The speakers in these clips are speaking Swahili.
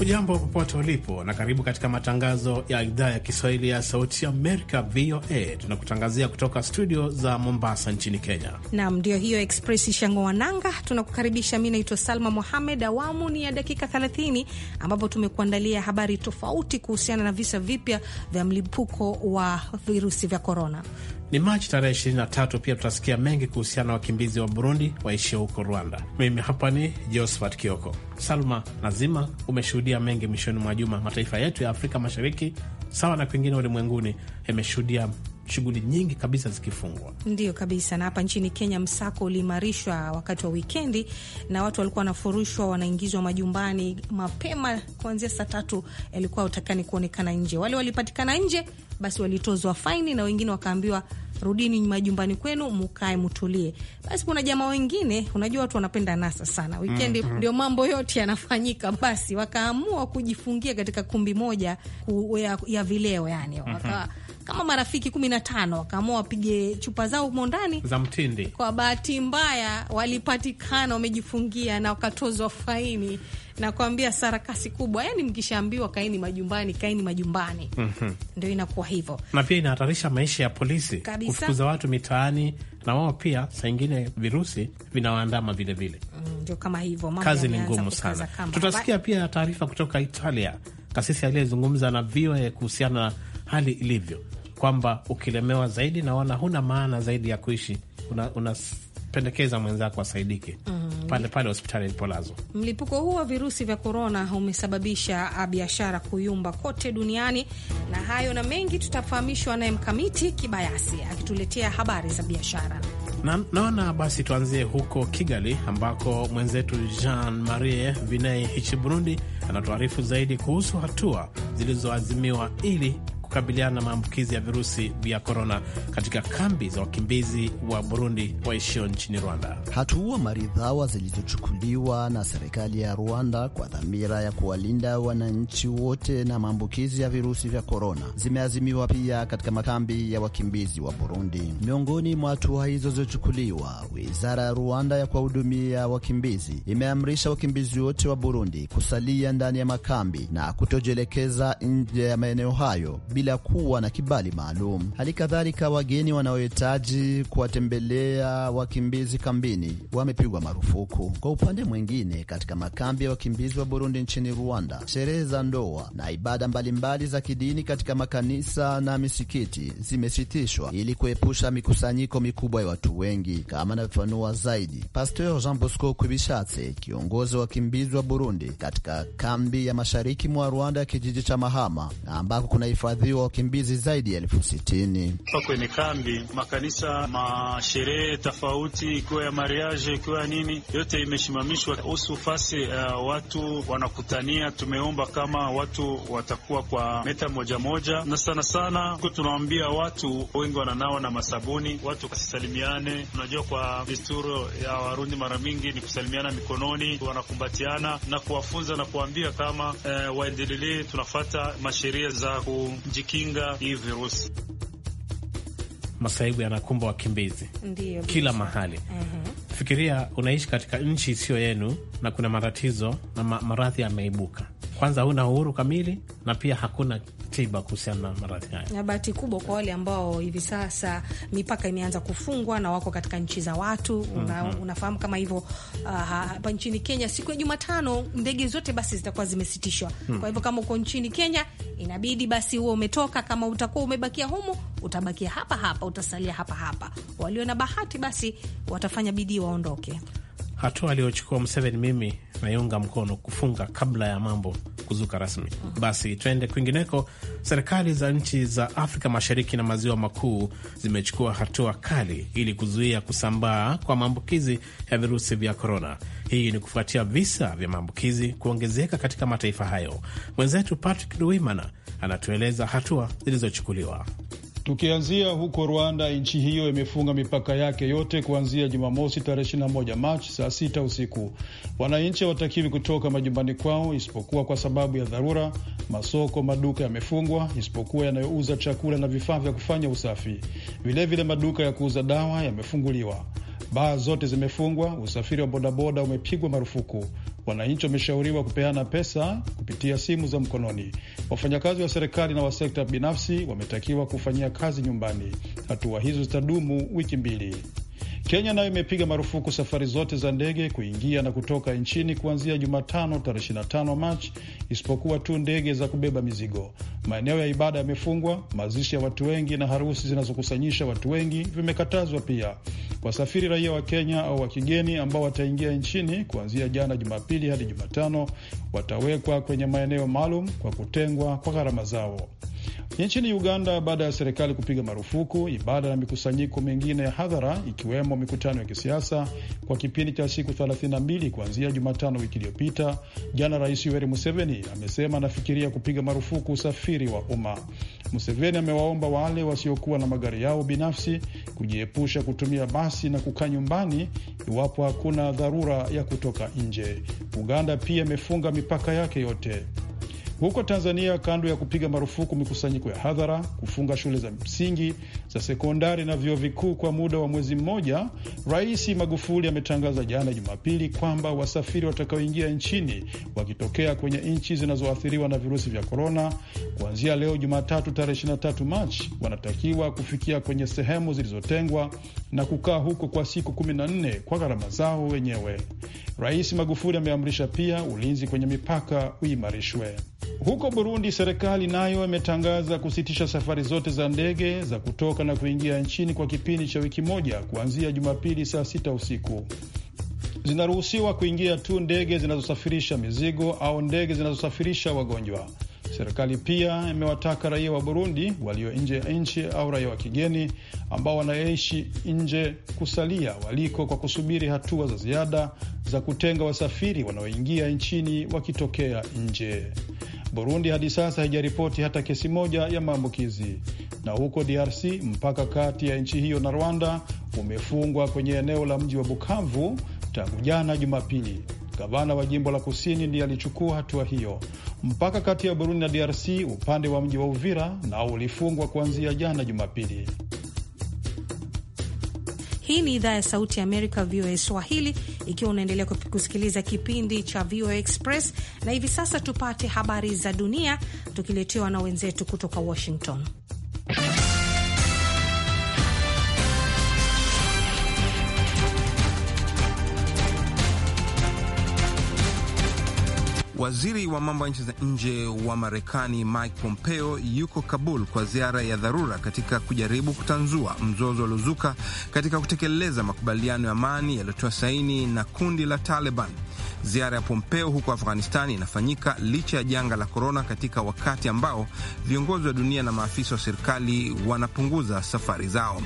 Ujambo popote ulipo, na karibu katika matangazo ya idhaa ya Kiswahili ya Sauti Amerika, VOA. Tunakutangazia kutoka studio za Mombasa nchini Kenya. Nam, ndio hiyo Express Shango Wananga, tunakukaribisha. Mi naitwa Salma Mohamed. Awamu ni ya dakika 30 ambapo tumekuandalia habari tofauti kuhusiana na visa vipya vya mlipuko wa virusi vya korona. Ni Machi tarehe 23. Pia tutasikia mengi kuhusiana na wakimbizi wa Burundi waishi huko Rwanda. Mimi hapa ni Josephat Kioko. Salma lazima umeshuhudia mengi mwishoni mwa juma. Mataifa yetu ya Afrika Mashariki sawa na kwingine ulimwenguni yameshuhudia shughuli nyingi kabisa zikifungwa. Ndio kabisa. Na hapa nchini Kenya msako uliimarishwa wakati wa wikendi, na watu walikuwa wanafurushwa, wanaingizwa majumbani mapema kuanzia saa tatu. Yalikuwa utakani kuonekana nje. Wale walipatikana nje, basi walitozwa faini, na wengine wakaambiwa rudini majumbani kwenu, mukae mutulie. Basi kuna jamaa wengine, unajua watu wanapenda nasa sana wikendi, mm -hmm. Ndio mambo yote yanafanyika, basi wakaamua kujifungia katika kumbi moja ya ya vileo, yani mm -hmm kama marafiki kumi na tano wakaamua wapige chupa zao humo ndani za mtindi. Kwa bahati mbaya walipatikana wamejifungia na wakatozwa faini na kuambia sarakasi kubwa. Yani mkishaambiwa kaini majumbani, kaini majumbani. mm -hmm. Ndio inakuwa hivyo, na pia inahatarisha maisha ya polisi kufukuza watu mitaani, na wao pia saa ingine virusi vinawaandama vilevile. Mm, ndio mm, kama hivyo, kazi ni ngumu sana. Tutasikia pia taarifa kutoka Italia, kasisi aliyezungumza na VOA kuhusiana na hali ilivyo kwamba ukilemewa zaidi, naona huna maana zaidi ya kuishi, unapendekeza una mwenzako asaidike mm-hmm. pale pale hospitali ilipolazwa. Mlipuko huu wa virusi vya korona umesababisha ah, biashara kuyumba kote duniani, na hayo na mengi tutafahamishwa naye Mkamiti Kibayasi akituletea habari za biashara. Na, naona basi tuanzie huko Kigali ambako mwenzetu Jean Marie Vinei Hichi Burundi anatuarifu zaidi kuhusu hatua zilizoazimiwa ili kukabiliana na maambukizi ya virusi vya korona katika kambi za wakimbizi wa Burundi waishio nchini Rwanda. Hatua maridhawa zilizochukuliwa na serikali ya Rwanda kwa dhamira ya kuwalinda wananchi wote na maambukizi ya virusi vya korona zimeazimiwa pia katika makambi ya wakimbizi wa Burundi. Miongoni mwa hatua hizo zilizochukuliwa, wizara ya Rwanda ya kuwahudumia wakimbizi imeamrisha wakimbizi wote wa Burundi kusalia ndani ya makambi na kutojielekeza nje ya maeneo hayo bila bila kuwa na kibali maalum. Hali kadhalika, wageni wanaohitaji kuwatembelea wakimbizi kambini wamepigwa marufuku. Kwa upande mwingine, katika makambi ya wakimbizi wa Burundi nchini Rwanda, sherehe za ndoa na ibada mbalimbali za kidini katika makanisa na misikiti zimesitishwa ili kuepusha mikusanyiko mikubwa ya watu wengi, kama anavyofanua zaidi Pasteur Jean Bosco Kwibishatse, kiongozi wa wakimbizi wa Burundi katika kambi ya mashariki mwa Rwanda ya kijiji cha Mahama ambako kuna hifadhi kuhesabiwa wakimbizi zaidi ya elfu sitini kwenye kambi. Makanisa, masherehe tofauti, ikiwa ya mariage ikiwa ya nini, yote imeshimamishwa Husu fasi uh, watu wanakutania, tumeomba kama watu watakuwa kwa meta moja moja, na sana sana tunawaambia watu wengi wananawa na masabuni, watu wasisalimiane. Unajua, kwa desturi ya Warundi mara mingi ni kusalimiana mikononi, wanakumbatiana na kuwafunza na kuwaambia kama uh, waendelee, tunafata masheria za ku kujikinga hii virusi. Masaibu yanakumba wakimbizi ndiyo, kila mahali uh-huh. Fikiria unaishi katika nchi isiyo yenu na kuna matatizo na ma maradhi yameibuka. Kwanza huna uhuru kamili na pia hakuna tiba kuhusiana na maradhi hayo, na bahati kubwa kwa wale ambao hivi sasa mipaka imeanza kufungwa na wako katika nchi za watu una, mm -hmm. unafahamu kama hivyo uh, hapa uh, nchini Kenya siku ya Jumatano ndege zote basi zitakuwa zimesitishwa mm. Kwa hivyo kama uko nchini Kenya inabidi basi huo umetoka. Kama utakuwa umebakia humu, utabakia hapa hapa, utasalia hapa hapa. Walio na bahati basi watafanya bidii waondoke hatua aliyochukua mseveni mimi naiunga mkono, kufunga kabla ya mambo kuzuka rasmi. Basi tuende kwingineko. Serikali za nchi za Afrika Mashariki na Maziwa Makuu zimechukua hatua kali ili kuzuia kusambaa kwa maambukizi ya virusi vya korona. Hii ni kufuatia visa vya maambukizi kuongezeka katika mataifa hayo. Mwenzetu Patrick Duwimana anatueleza hatua zilizochukuliwa. Tukianzia huko Rwanda, nchi hiyo imefunga mipaka yake yote kuanzia Jumamosi tarehe 21 Machi saa sita usiku. Wananchi hawatakiwi kutoka majumbani kwao isipokuwa kwa sababu ya dharura. Masoko, maduka yamefungwa isipokuwa yanayouza chakula na vifaa vya kufanya usafi. Vilevile vile maduka ya kuuza dawa yamefunguliwa. Baa zote zimefungwa. Usafiri wa bodaboda umepigwa marufuku. Wananchi wameshauriwa kupeana pesa kupitia simu za mkononi. Wafanyakazi wa serikali na wa sekta binafsi wametakiwa kufanyia kazi nyumbani. Hatua hizo zitadumu wiki mbili. Kenya nayo imepiga marufuku safari zote za ndege kuingia na kutoka nchini kuanzia Jumatano tarehe 25 Machi, isipokuwa tu ndege za kubeba mizigo. Maeneo ya ibada yamefungwa, mazishi ya watu wengi na harusi zinazokusanyisha watu wengi vimekatazwa pia. Wasafiri raia wa Kenya au wa kigeni ambao wataingia nchini kuanzia jana Jumapili hadi Jumatano watawekwa kwenye maeneo maalum kwa kutengwa kwa gharama zao. Nchini Uganda, baada ya serikali kupiga marufuku ibada na mikusanyiko mingine ya hadhara ikiwemo mikutano ya kisiasa kwa kipindi cha siku 32 kuanzia Jumatano wiki iliyopita, jana Rais Yoweri Museveni amesema anafikiria kupiga marufuku usafiri wa umma. Museveni amewaomba wale wasiokuwa na magari yao binafsi kujiepusha kutumia basi na kukaa nyumbani iwapo hakuna dharura ya kutoka nje. Uganda pia imefunga mipaka yake yote. Huko Tanzania, kando ya kupiga marufuku mikusanyiko ya hadhara, kufunga shule za msingi, za sekondari na vyuo vikuu kwa muda wa mwezi mmoja, Rais Magufuli ametangaza jana Jumapili kwamba wasafiri watakaoingia nchini wakitokea kwenye nchi zinazoathiriwa na virusi vya korona, kuanzia leo Jumatatu tarehe 23 Machi, wanatakiwa kufikia kwenye sehemu zilizotengwa na kukaa huko kwa siku 14 kwa gharama zao wenyewe. Rais Magufuli ameamrisha pia ulinzi kwenye mipaka uimarishwe. Huko Burundi, serikali nayo imetangaza kusitisha safari zote za ndege za kutoka na kuingia nchini kwa kipindi cha wiki moja kuanzia Jumapili saa sita usiku. Zinaruhusiwa kuingia tu ndege zinazosafirisha mizigo au ndege zinazosafirisha wagonjwa. Serikali pia imewataka raia wa Burundi walio nje ya nchi au raia wa kigeni ambao wanaishi nje kusalia waliko kwa kusubiri hatua za ziada za kutenga wasafiri wanaoingia nchini wakitokea nje. Burundi hadi sasa haijaripoti hata kesi moja ya maambukizi, na huko DRC mpaka kati ya nchi hiyo na Rwanda umefungwa kwenye eneo la mji wa Bukavu tangu jana Jumapili. Gavana wa jimbo la kusini ndiye alichukua hatua hiyo. Mpaka kati ya Burundi na DRC upande wa mji wa Uvira nao ulifungwa kuanzia jana Jumapili. Hii ni idhaa ya Sauti ya Amerika, VOA Swahili, ikiwa unaendelea kusikiliza kipindi cha VOA Express. Na hivi sasa tupate habari za dunia, tukiletewa na wenzetu kutoka Washington. Waziri wa mambo ya nchi za nje wa Marekani Mike Pompeo yuko Kabul kwa ziara ya dharura katika kujaribu kutanzua mzozo uliozuka katika kutekeleza makubaliano ya amani yaliyotiwa saini na kundi la Taliban. Ziara ya Pompeo huko Afghanistani inafanyika licha ya janga la korona, katika wakati ambao viongozi wa dunia na maafisa wa serikali wanapunguza safari zao.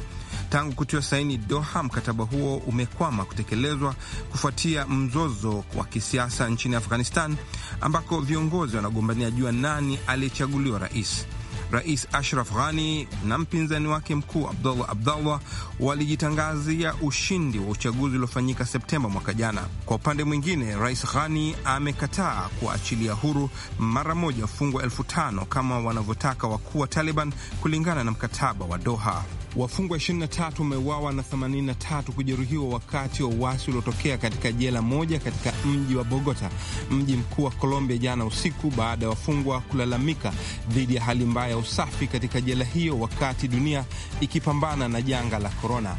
Tangu kutiwa saini Doha, mkataba huo umekwama kutekelezwa kufuatia mzozo wa kisiasa nchini Afghanistan, ambako viongozi wanagombania jua nani aliyechaguliwa rais. Rais Ashraf Ghani na mpinzani wake mkuu Abdullah Abdullah walijitangazia ushindi wa uchaguzi uliofanyika Septemba mwaka jana. Kwa upande mwingine, Rais Ghani amekataa kuachilia huru mara moja wafungwa elfu tano kama wanavyotaka wakuu wa Taliban kulingana na mkataba wa Doha. Wafungwa 23 wameuawa na 83 kujeruhiwa wakati wa uasi uliotokea katika jela moja katika mji wa Bogota, mji mkuu wa Colombia, jana usiku baada ya wafungwa kulalamika dhidi ya hali mbaya ya usafi katika jela hiyo wakati dunia ikipambana na janga la korona.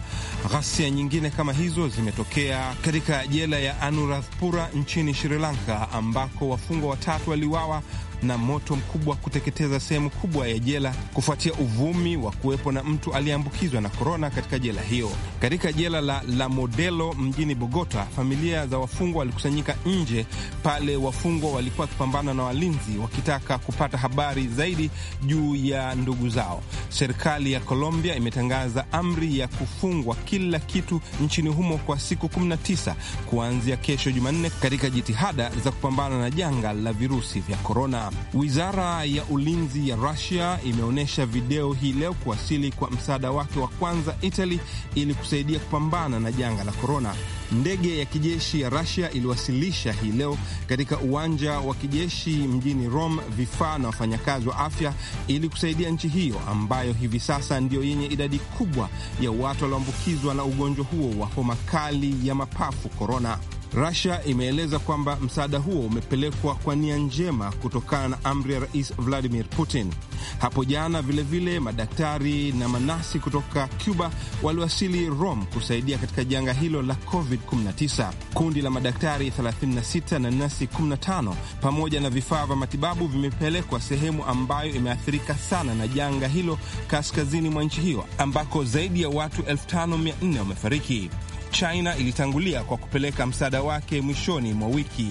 Ghasia nyingine kama hizo zimetokea katika jela ya Anuradhapura nchini Sri Lanka ambako wafungwa watatu waliuawa na moto mkubwa kuteketeza sehemu kubwa ya jela kufuatia uvumi wa kuwepo na mtu aliyeambukizwa na korona katika jela hiyo. Katika jela la La Modelo mjini Bogota, familia za wafungwa walikusanyika nje pale wafungwa walikuwa wakipambana na walinzi wakitaka kupata habari zaidi juu ya ndugu zao. Serikali ya Colombia imetangaza amri ya kufungwa kila kitu nchini humo kwa siku 19 kuanzia kesho Jumanne, katika jitihada za kupambana na janga la virusi vya korona. Wizara ya ulinzi ya Rusia imeonyesha video hii leo kuwasili kwa msaada wake wa kwanza Italy ili kusaidia kupambana na janga la korona. Ndege ya kijeshi ya Rusia iliwasilisha hii leo katika uwanja wa kijeshi mjini Rome vifaa na wafanyakazi wa afya ili kusaidia nchi hiyo ambayo ambayo hivi sasa ndiyo yenye idadi kubwa ya watu walioambukizwa na ugonjwa huo wa homa kali ya mapafu korona rusia imeeleza kwamba msaada huo umepelekwa kwa nia njema kutokana na amri ya Rais Vladimir Putin. Hapo jana vilevile vile, madaktari na manasi kutoka Cuba waliwasili Rome kusaidia katika janga hilo la COVID-19. Kundi la madaktari 36 na nasi 15 pamoja na vifaa vya matibabu vimepelekwa sehemu ambayo imeathirika sana na janga hilo kaskazini mwa nchi hiyo ambako zaidi ya watu 5400 wamefariki. China ilitangulia kwa kupeleka msaada wake mwishoni mwa wiki.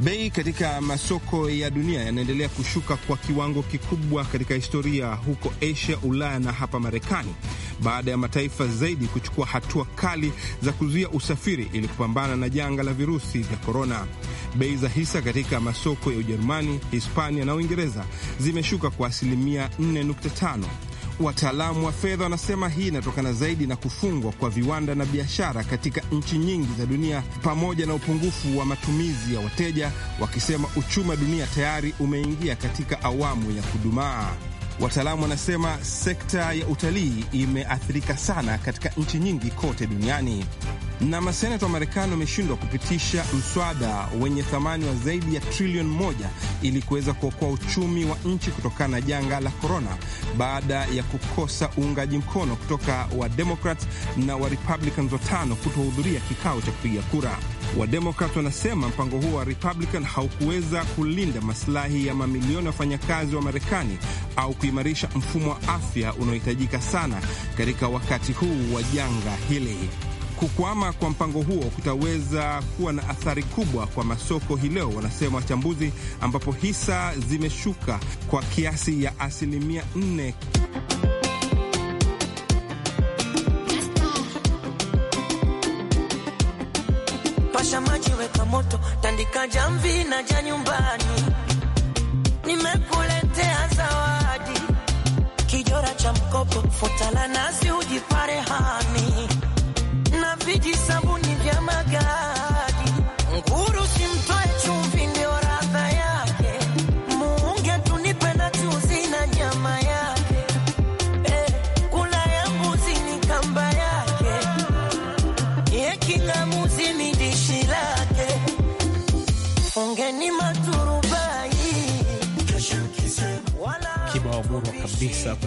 Bei katika masoko ya dunia yanaendelea kushuka kwa kiwango kikubwa katika historia huko Asia, Ulaya na hapa Marekani baada ya mataifa zaidi kuchukua hatua kali za kuzuia usafiri ili kupambana na janga la virusi vya korona. Bei za hisa katika masoko ya Ujerumani, Hispania na Uingereza zimeshuka kwa asilimia 4.5 Wataalamu wa fedha wanasema hii inatokana zaidi na kufungwa kwa viwanda na biashara katika nchi nyingi za dunia pamoja na upungufu wa matumizi ya wateja, wakisema uchumi wa dunia tayari umeingia katika awamu ya kudumaa. Wataalamu wanasema sekta ya utalii imeathirika sana katika nchi nyingi kote duniani. Na maseneta wa Marekani wameshindwa kupitisha mswada wenye thamani wa zaidi ya trilioni moja ili kuweza kuokoa uchumi wa nchi kutokana na janga la korona, baada ya kukosa uungaji mkono kutoka wa Democrats na wa Republicans watano kutohudhuria kikao cha kupiga kura. Wademokrat wanasema mpango huo wa Republican haukuweza kulinda masilahi ya mamilioni ya wafanyakazi wa Marekani au kuimarisha mfumo wa afya unaohitajika sana katika wakati huu wa janga hili. Kukwama kwa mpango huo kutaweza kuwa na athari kubwa kwa masoko hii leo, wanasema wachambuzi, ambapo hisa zimeshuka kwa kiasi ya asilimia 4 Washa maji, weka moto, tandika jamvi na ja nyumbani, nimekuletea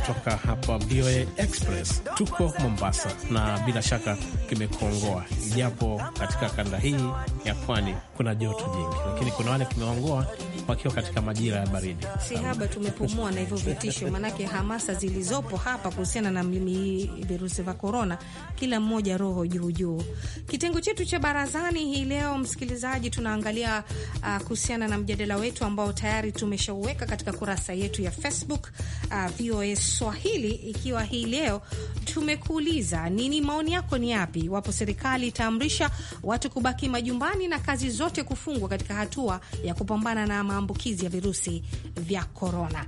kutoka hapa VOA Express. Tuko Mombasa na bila shaka kimekongoa, ijapo katika kanda hii ya pwani kuna joto jingi, lakini kuna wale kimeongoa wakiwa katika majira ya baridi. Si haba tumepumua na hivyo vitisho, maanake hamasa zilizopo hapa kuhusiana na hii virusi vya korona, kila mmoja roho juu juu. Kitengo chetu cha barazani hii leo, msikilizaji, tunaangalia ah, kuhusiana na mjadala wetu ambao tayari tumeshauweka katika kurasa yetu ya Facebook uh, ah, VOA Swahili, ikiwa hii leo tumekuuliza nini, maoni yako ni yapi iwapo serikali itaamrisha watu kubaki majumbani na kazi zote kufungwa katika hatua ya kupambana na maambukizi ya virusi vya korona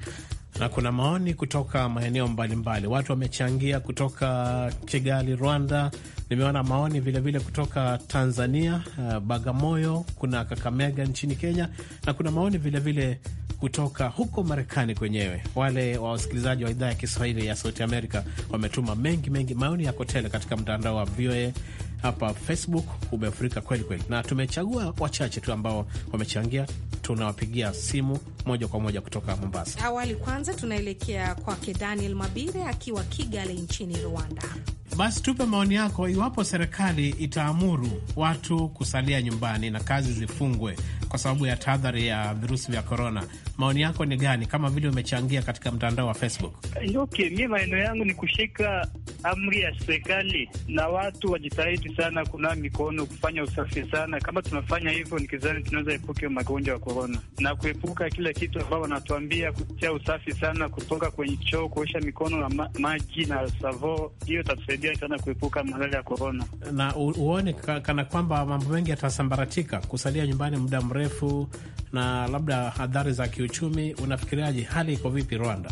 na kuna maoni kutoka maeneo mbalimbali, watu wamechangia kutoka Kigali, Rwanda. Nimeona maoni vilevile vile kutoka Tanzania, eh, Bagamoyo, kuna Kakamega nchini Kenya, na kuna maoni vilevile vile kutoka huko Marekani kwenyewe. Wale wa wasikilizaji wa idhaa ya Kiswahili ya Sauti Amerika wametuma mengi mengi, maoni yako tele katika mtandao wa VOA hapa Facebook umefurika kweli kweli, na tumechagua wachache tu ambao wamechangia. Tunawapigia simu moja kwa moja kutoka Mombasa. Awali kwanza, tunaelekea kwake Daniel Mabire akiwa Kigali nchini Rwanda. Basi tupe maoni yako iwapo serikali itaamuru watu kusalia nyumbani na kazi zifungwe kwa sababu ya tahadhari ya virusi vya korona. Maoni yako ni gani? Kama vile umechangia katika mtandao wa Facebook. Okay, mi maeneo yangu ni kushika amri ya serikali na watu wajitahidi sana kunawa mikono, kufanya usafi sana. Kama tunafanya hivyo, nikizani tunaweza epuka magonjwa ya korona na kuepuka kila kitu ambao wanatuambia kutia usafi sana, kutoka kwenye choo, kuosha mikono na ma maji na savo. Hiyo tatusaidia itasaidia sana kuepuka malaria ya korona, na uone kana kwamba mambo mengi yatasambaratika, kusalia nyumbani muda mrefu na labda hadhari za kiuchumi. Unafikiriaje, hali iko vipi Rwanda?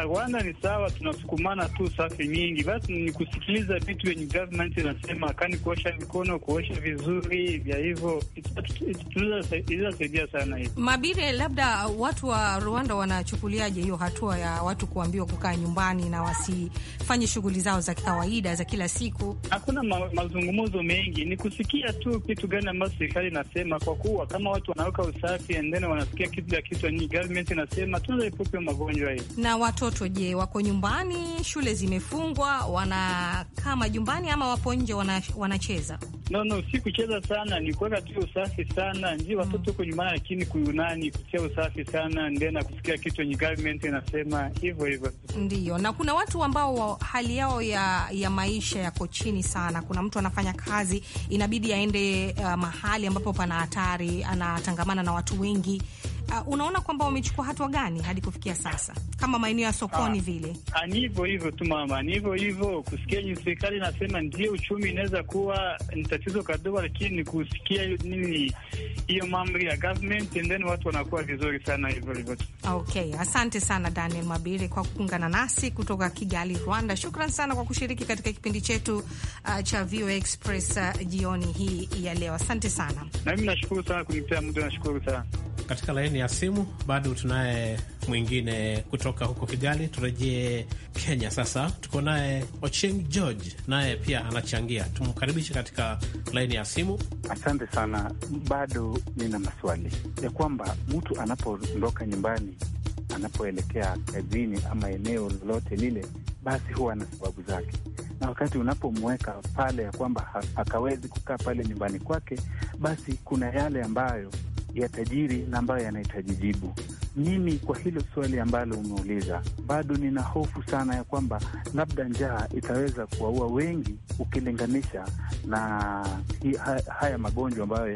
Rwanda ni sawa, tunasukumana tu safi nyingi, basi ni kusikiliza vitu vyenye government inasema, kani kuosha mikono, kuosha vizuri vya hivyo, itasaidia sana hivo. Mabire, labda watu wa Rwanda wanachukuliaje hiyo hatua ya watu kuambiwa kukaa nyumbani na wasifanye shughuli zao za kawaida za kila siku? Hakuna ma mazungumzo mengi, ni kusikia tu kitu gani ambacho serikali inasema, kwa kuwa kama watu wanaweka usafi endene, wanasikia kitu ya kitu government inasema, tunaweza magonjwa hiyo na watu watoto je, wako nyumbani, shule zimefungwa, wanakaa majumbani ama wapo nje wanacheza? No, no, si kucheza sana, ni kuweka tu usafi sana nji watoto huko mm. nyumbani, lakini kuyunani kutia usafi sana ndena kusikia kitu yenye government inasema hivyo hivyo. ndio. na kuna watu ambao hali yao ya, ya maisha yako chini sana. Kuna mtu anafanya kazi inabidi aende uh, mahali ambapo pana hatari, anatangamana na watu wengi uh, unaona kwamba wamechukua hatua gani hadi kufikia sasa, kama maeneo ya sokoni ah, vile? Ah, ni hivyo hivyo tu mama, ni hivyo hivyo kusikia jinsi serikali inasema ndio uchumi inaweza kuwa ni tatizo kadogo, lakini ni kusikia nini hiyo mambo ya government and then watu wanakuwa vizuri sana hivyo hivyo tu. Okay, asante sana Daniel Mabire kwa kuungana nasi kutoka Kigali, Rwanda. Shukran sana kwa kushiriki katika kipindi chetu uh, cha VOA Express uh, jioni hii ya leo. Asante sana. Na mimi nashukuru sana kunipea muda, nashukuru sana katika laini ya simu. Bado tunaye mwingine kutoka huko Kigali. Turejee Kenya sasa, tuko naye Ochieng George, naye pia anachangia. Tumkaribishe katika laini ya simu. Asante sana. Bado nina maswali ya kwamba mtu anapoondoka nyumbani, anapoelekea kazini ama eneo lolote lile, basi huwa na sababu zake na wakati unapomweka pale ya kwamba ha akawezi kukaa pale nyumbani kwake, basi kuna yale ambayo ya tajiri na ambayo yanahitaji jibu. Mimi kwa hilo swali ambalo umeuliza, bado nina hofu sana ya kwamba labda njaa itaweza kuwaua wengi ukilinganisha na hi, ha, haya magonjwa ambayo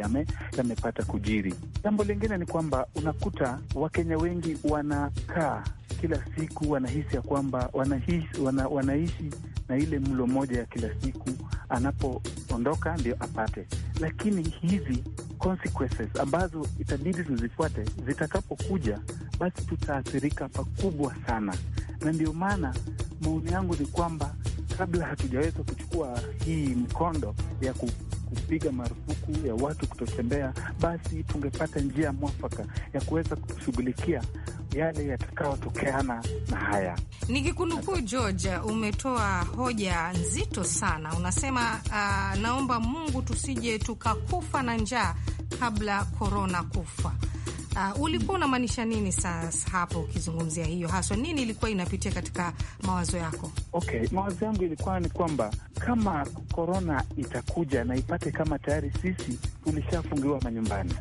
yamepata kujiri. Jambo lingine ni kwamba unakuta Wakenya wengi wanakaa kila siku wanahisi ya kwamba wanahisi, wana, wanaishi na ile mlo moja ya kila siku, anapoondoka ndio apate, lakini hivi consequences ambazo itabidi tuzifuate zitakapokuja, basi tutaathirika pakubwa sana, na ndio maana maoni yangu ni kwamba kabla hatujaweza kuchukua hii mkondo ya ku kupiga marufuku ya watu kutotembea, basi tungepata njia mwafaka ya kuweza kushughulikia yale yatakayotokeana na haya. Nikikunukuu George, umetoa hoja nzito sana. Unasema uh, naomba Mungu tusije tukakufa na njaa kabla korona kufa. Uh, ulikuwa unamaanisha nini sasa hapo ukizungumzia hiyo haswa, nini ilikuwa inapitia katika mawazo yako? Okay, mawazo yangu ilikuwa ni kwamba kama korona itakuja na ipate kama tayari sisi tulishafungiwa manyumbani,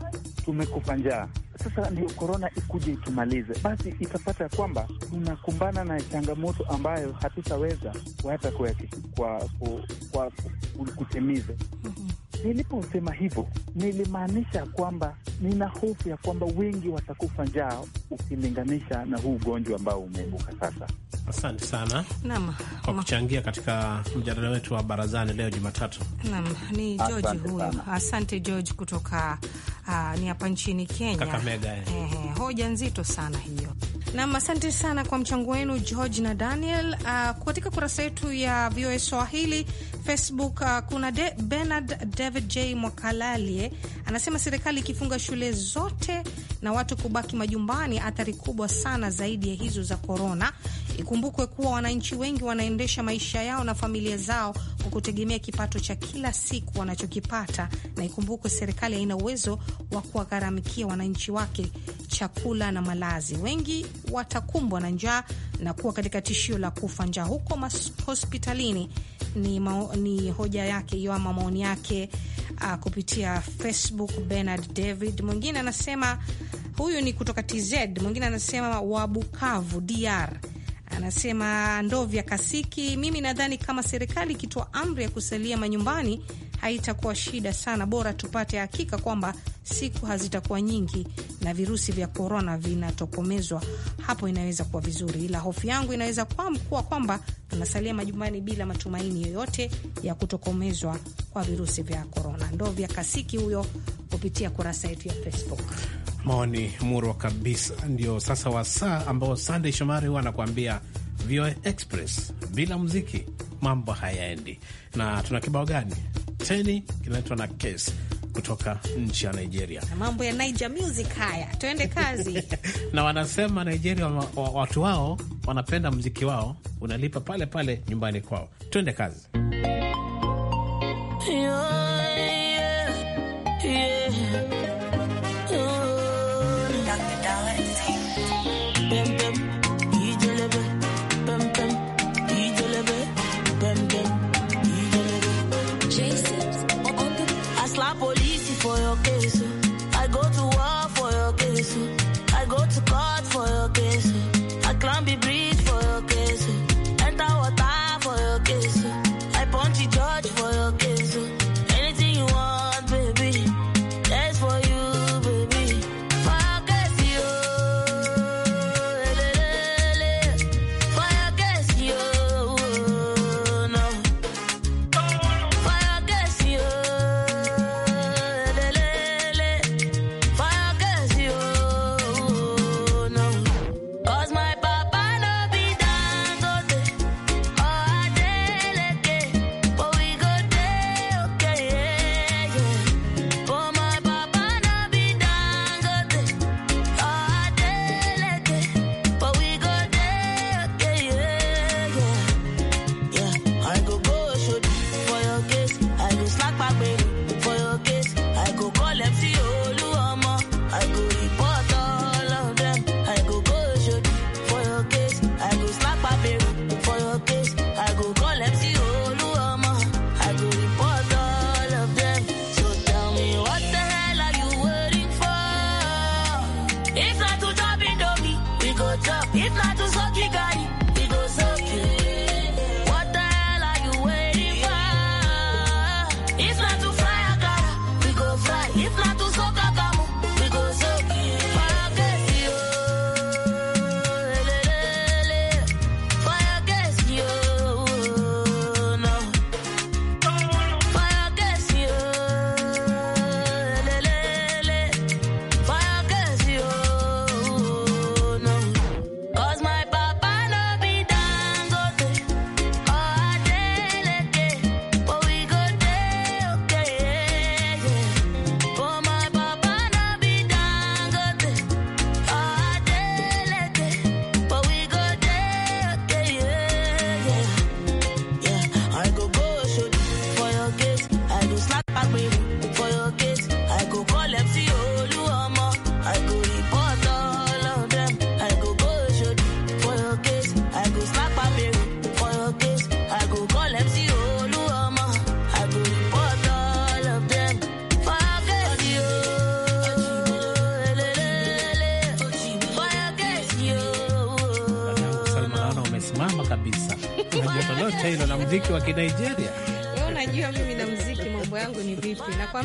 tumekufa njaa, sasa ndio korona ikuje itumalize, basi itapata kwamba tunakumbana na changamoto ambayo hatutaweza kuhata kwa, kwa, kwa, kwa kutimiza mm -hmm. Niliposema hivyo nilimaanisha kwamba nina hofu ya kwamba wengi watakufa njaa ukilinganisha na huu ugonjwa ambao umeibuka sasa. Asante sana naam, kwa kuchangia katika mjadala wetu wa barazani leo Jumatatu. Naam, ni George huyo. Asante George kutoka uh, ni hapa nchini Kenya, Kakamega. Eh, hoja nzito sana hiyo. Nam, asante sana kwa mchango wenu George na Daniel. Uh, katika kurasa yetu ya VOA Swahili Facebook, uh, kuna De Bernard David J Mwakalalie anasema serikali ikifunga shule zote na watu kubaki majumbani, athari kubwa sana zaidi ya hizo za korona. Ikumbukwe kuwa wananchi wengi wanaendesha maisha yao na familia zao kwa kutegemea kipato cha kila siku wanachokipata, na ikumbukwe serikali haina uwezo wa kuwagharamikia wananchi wake chakula na malazi. Wengi watakumbwa na njaa na kuwa katika tishio la kufa njaa huko hospitalini. Ni, mao, ni hoja yake hiyo ama maoni yake uh, kupitia Facebook. Bernard David mwingine anasema huyu ni kutoka TZ, mwingine anasema wa Bukavu DR Anasema vya Kasiki, mimi nadhani kama serikali ikitoa amri ya kusalia manyumbani haitakuwa shida sana, bora tupate hakika kwamba siku hazitakuwa nyingi na virusi vya korona vinatokomezwa, hapo inaweza kuwa vizuri. Ila hofu yangu inaweza kuwa kwamba tunasalia majumbani bila matumaini yoyote ya kutokomezwa kwa virusi vya korona. vya Kasiki huyo kupitia kurasa yetu ya Facebook maoni murwa kabisa. Ndio sasa wasaa ambao sandey Shomari huwa anakuambia VOA Express bila muziki mambo hayaendi. Na tuna kibao gani teni kinaitwa na kes kutoka nchi ya Nigeria. Mambo ya Niger music haya, tuende kazi na wanasema Nigeria wa, wa, watu wao wanapenda mziki wao, unalipa pale pale nyumbani kwao. Tuende kazi.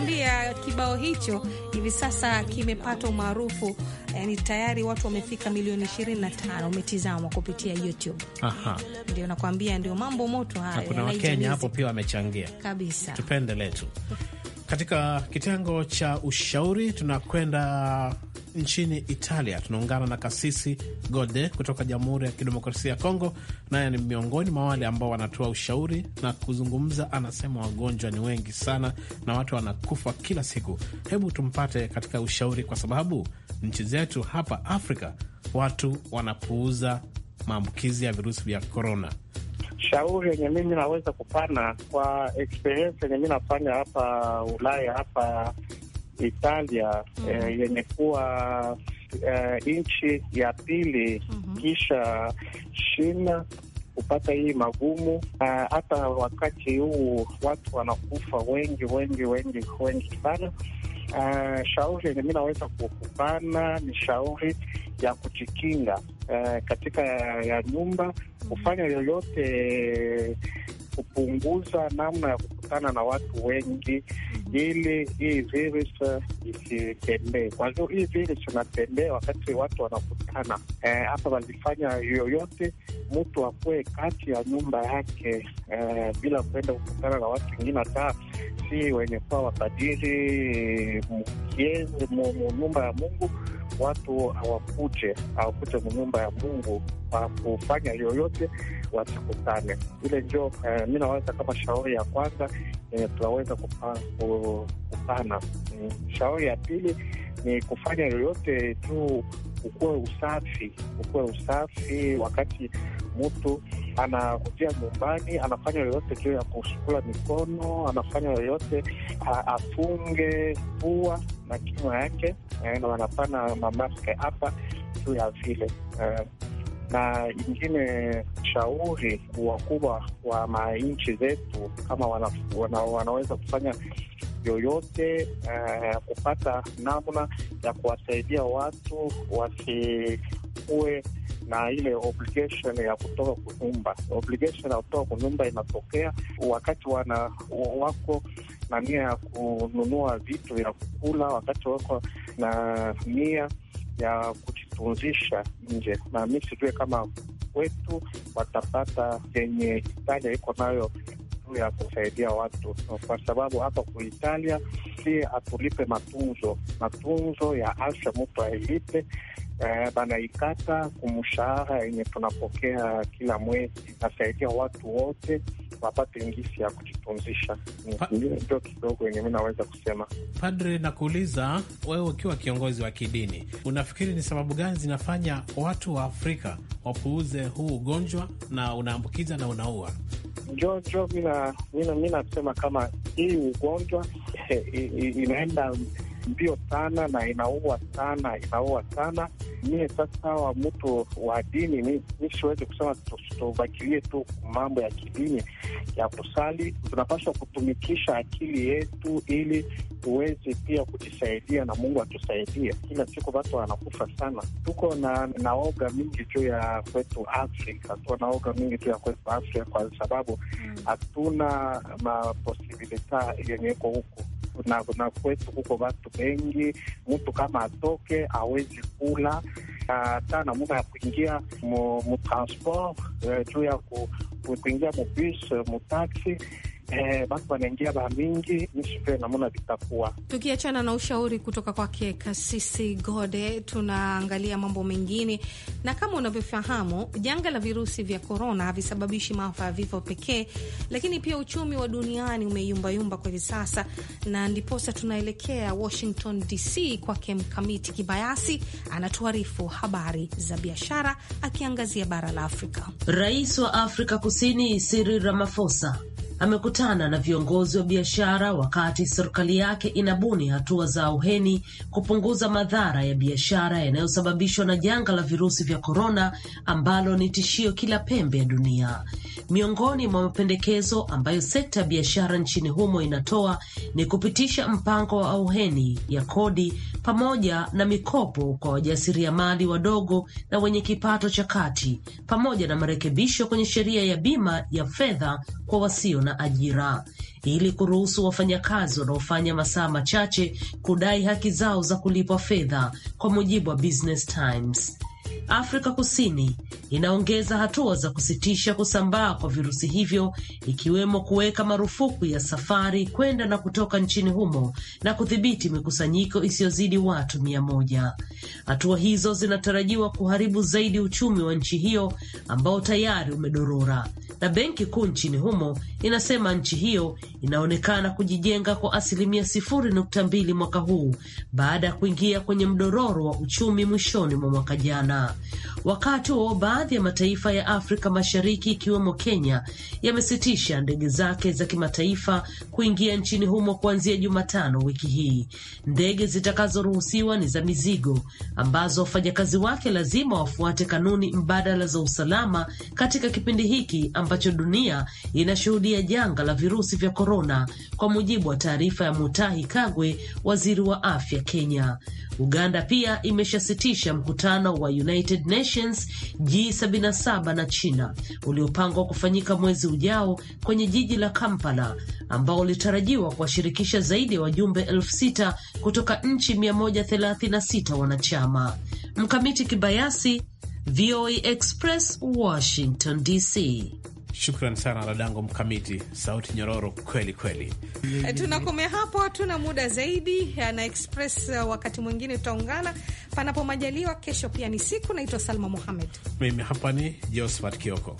nakwambia kibao hicho hivi sasa kimepata umaarufu yani, eh, tayari watu wamefika milioni 25 umetizama kupitia YouTube. Aha, ndio nakwambia, ndio mambo moto hayo. Kuna Wakenya hapo pia wamechangia kabisa, tupende letu. Katika kitengo cha ushauri tunakwenda nchini Italia. Tunaungana na Kasisi Gode kutoka Jamhuri ya Kidemokrasia ya Kongo, naye ni miongoni mwa wale ambao wanatoa ushauri na kuzungumza. Anasema wagonjwa ni wengi sana na watu wanakufa kila siku. Hebu tumpate katika ushauri, kwa sababu nchi zetu hapa Afrika watu wanapuuza maambukizi ya virusi vya korona. Shauri yenye mimi naweza kupana kwa experience yenye mi nafanya hapa Ulaya hapa Italia mm-hmm. eh, yenye kuwa eh, nchi ya pili mm -hmm. kisha China kupata hii magumu eh, hata uh, wakati huu watu wanakufa wengi wengi wengi wengi sana. Uh, shauri yenye mi naweza kukupana ni shauri ya kujikinga uh, katika ya nyumba mm-hmm. kufanya yoyote kupunguza namna ya kukutana na watu wengi ili hii virus isitembee. Kwa hiyo hii virus inatembea wakati watu wanakutana eh, hapa. E, walifanya yoyote, mtu akuwe kati ya nyumba yake e, bila kuenda kukutana na watu wengine, hata si wenye kuwa wakadiri mkienzi nyumba ya Mungu watu hawakuje hawakuje nyumba ya Mungu kwa kufanya yoyote, wasikutane. Ile njo uh, eh, mi naweza kama shauri ya kwanza yenye eh, tunaweza kupana. Mm, shauri ya pili ni kufanya yoyote tu ukuwe usafi, ukuwe usafi wakati mtu anakujia nyumbani anafanya yoyote juu ya kusukula mikono, anafanya yoyote afunge pua na kinywa yake, eh, na wanapana mamaske hapa juu ya vile eh. na ingine shauri wakubwa wa manchi zetu kama wana, wana, wanaweza kufanya yoyote uh, kupata namna ya kuwasaidia watu wasikuwe na ile obligation ya kutoka kunyumba. Obligation ya kutoka kunyumba inatokea wakati wana wako na nia ya kununua vitu vya kukula, wakati wako na nia ya kujitunzisha nje, na mi sijue kama kwetu watapata yenye Italia iko nayo ya kusaidia watu, kwa sababu hapa ku Italia si atulipe matunzo, matunzo ya afya mtu ailipe bana eh, banaikata kumshahara yenye tunapokea kila mwezi, nasaidia watu wote wapate ngisi ya kujitunzisha. Ndio kidogo yenye mi naweza kusema. Padre, nakuuliza wewe, ukiwa kiongozi wa kidini, unafikiri ni sababu gani zinafanya watu wa Afrika wapuuze huu ugonjwa na unaambukiza na unaua? Jojo, mi nasema kama hii ugonjwa inaenda mbio sana na inaua sana, inaua sana mie sasa, wa mtu wa dini, mi siwezi kusema tubakilie tu mambo ya kidini ya kusali. Tunapaswa kutumikisha akili yetu ili tuweze pia kujisaidia na Mungu atusaidie. Kila siku watu wanakufa sana, tuko na naoga mingi juu ya kwetu Afrika, oga mingi juu ya kwetu Afrika kwa sababu hmm. hatuna maposibilita yenye iko huku kuna, kuna kwetu kuko batu bengi, mtu kama atoke awezi kula ah, hata namuna ya kuingia mutransport eh, juu ya kuingia mubus mutaxi eh, basi wanaingia baa mingi nishipe namona vitakuwa. Tukiachana na ushauri kutoka kwake Kasisi Gode, tunaangalia mambo mengine, na kama unavyofahamu, janga la virusi vya korona havisababishi maafa ya vifo pekee, lakini pia uchumi wa duniani umeyumbayumba kwa hivi sasa, na ndiposa tunaelekea Washington DC kwake Mkamiti Kibayasi anatuarifu habari za biashara, akiangazia bara la Afrika. Rais wa Afrika Kusini Cyril Ramaphosa amekutana na viongozi wa biashara wakati serikali yake inabuni hatua za uheni kupunguza madhara ya biashara yanayosababishwa na janga la virusi vya korona ambalo ni tishio kila pembe ya dunia. Miongoni mwa mapendekezo ambayo sekta ya biashara nchini humo inatoa ni kupitisha mpango wa auheni ya kodi pamoja na mikopo kwa wajasiriamali wadogo na wenye kipato cha kati pamoja na marekebisho kwenye sheria ya bima ya fedha kwa wasio na na ajira ili kuruhusu wafanyakazi wanaofanya masaa machache kudai haki zao za kulipwa fedha, kwa mujibu wa Business Times. Afrika Kusini inaongeza hatua za kusitisha kusambaa kwa virusi hivyo, ikiwemo kuweka marufuku ya safari kwenda na kutoka nchini humo na kudhibiti mikusanyiko isiyozidi watu mia moja. Hatua hizo zinatarajiwa kuharibu zaidi uchumi wa nchi hiyo ambao tayari umedorora, na benki kuu nchini humo inasema nchi hiyo inaonekana kujijenga kwa asilimia sifuri nukta mbili mwaka huu baada ya kuingia kwenye mdororo wa uchumi mwishoni mwa mwaka jana. Wakati wa baadhi ya mataifa ya Afrika Mashariki ikiwemo Kenya yamesitisha ndege zake za kimataifa kuingia nchini humo kuanzia Jumatano wiki hii. Ndege zitakazoruhusiwa ni za mizigo ambazo wafanyakazi wake lazima wafuate kanuni mbadala za usalama katika kipindi hiki ambacho dunia inashuhudia janga la virusi vya korona, kwa mujibu wa taarifa ya Mutahi Kagwe, waziri wa afya Kenya. Uganda pia imeshasitisha mkutano wa United Nations G 77 na China uliopangwa kufanyika mwezi ujao kwenye jiji la Kampala, ambao ulitarajiwa kuwashirikisha zaidi ya wajumbe elfu sita kutoka nchi 136 wanachama. Mkamiti Kibayasi, VOA Express, Washington DC. Shukran sana dadangu Mkamiti, sauti nyororo kweli kweli. E, tunakomea hapo, hatuna muda zaidi na Express. Eh, wakati mwingine tutaungana panapo majaliwa. Kesho pia ni siku. Naitwa Salma Muhamed, mimi hapa ni Josephat Kioko.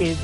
is